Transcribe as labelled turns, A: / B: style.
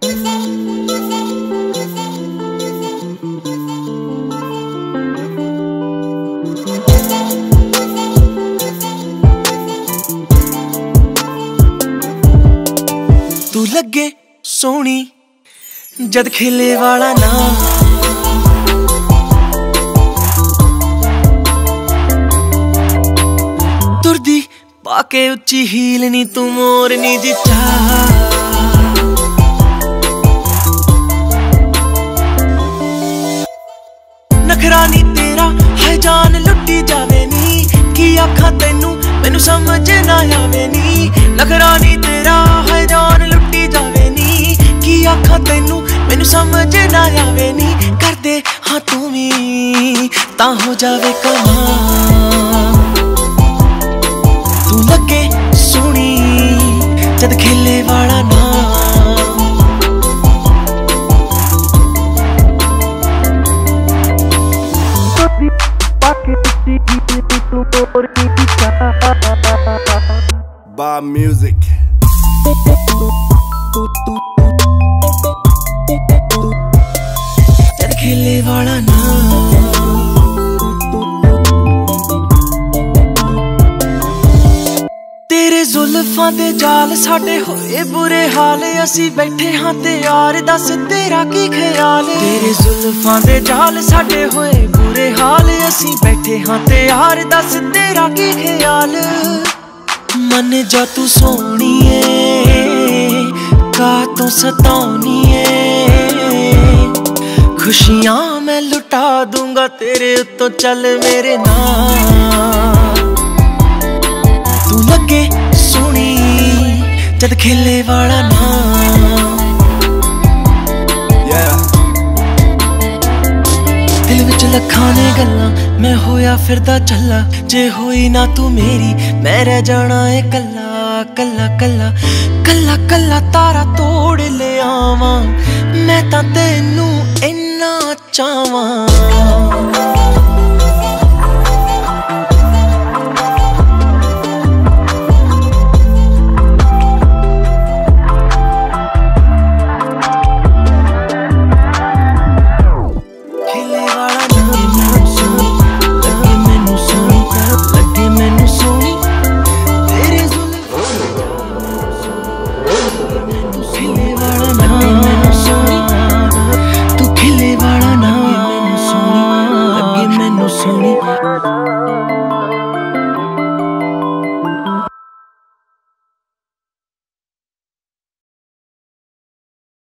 A: ਤੂੰ ਲੱਗੇ ਸੋਹਣੀ ਜਦ ਖੇਲੇ ਵਾਲਾ ਨਾ ਤੁਰਦੀ ਪਾ ਕੇ ਉੱਚੀ ਹੀਲ ਨਹੀਂ ਤੂੰ ਮੋਰਨੀ ਜਿਹਾ ਵੱਖਰਾ ਨਹੀਂ ਤੇਰਾ ਹਾਏ ਜਾਨ ਲੁੱਟੀ ਜਾਵੇ ਨੀ ਕੀ ਆਖਾਂ ਤੈਨੂੰ ਮੈਨੂੰ ਸਮਝ ਨਾ ਆਵੇ ਨੀ ਲਖਰਾ ਨਹੀਂ ਤੇਰਾ ਹਾਏ ਜਾਨ ਲੁੱਟੀ ਜਾਵੇ ਨੀ ਕੀ ਆਖਾਂ ਤੈਨੂੰ ਮੈਨੂੰ ਸਮਝ ਨਾ ਆਵੇ ਨੀ ਕਰਦੇ ਹਾਂ ਤੂੰ ਵੀ ਤਾਂ ਹੋ ਜਾਵੇ ਕਮਾਂ ਤੂੰ ਲੱਗੇ ਸੁਣੀ ਜਦ ਖੇਲੇ ਵਾਲਾ By music. ਖਿਲੇ ਵਾਲਾ ਨਾ ਜ਼ੁਲਫਾਂ ਦੇ ਜਾਲ ਸਾਡੇ ਹੋਏ ਬੁਰੇ ਹਾਲ ਅਸੀਂ ਬੈਠੇ ਹਾਂ ਤੇ ਯਾਰ ਦੱਸ ਤੇਰਾ ਕੀ ਖਿਆਲ ਤੇਰੇ ਜ਼ੁਲਫਾਂ ਦੇ ਜਾਲ ਸਾਡੇ ਹੋਏ ਬੁਰੇ ਹਾਲ ਅਸੀਂ ਬੈਠੇ ਹਾਂ ਤੇ ਯਾਰ ਦੱਸ ਤੇਰਾ ਕੀ ਖਿਆਲ ਮਨ ਜਾ ਤੂੰ ਸੋਣੀਏ ਕਾ ਤੂੰ ਏ ਖੁਸ਼ੀਆਂ ਮੈਂ ਲੁਟਾ ਦੂੰਗਾ ਤੇਰੇ ਉੱਤੋਂ ਚੱਲ ਮੇਰੇ ਨਾਲ ਜਦ ਖੇਲੇ ਵਾਲਾ ਨਾ ਖਾਣੇ ਗੱਲਾਂ ਮੈਂ ਹੋਇਆ ਫਿਰਦਾ ਚੱਲਾ ਜੇ ਹੋਈ ਨਾ ਤੂੰ ਮੇਰੀ ਮੈਂ ਰਹਿ ਜਾਣਾ ਏ ਕੱਲਾ ਕੱਲਾ ਕੱਲਾ ਕੱਲਾ ਕੱਲਾ ਤਾਰਾ ਤੋੜ ਲਿਆਵਾਂ ਮੈਂ ਤਾਂ ਤੈਨੂੰ ਇੰਨਾ ਚਾਹਾਂ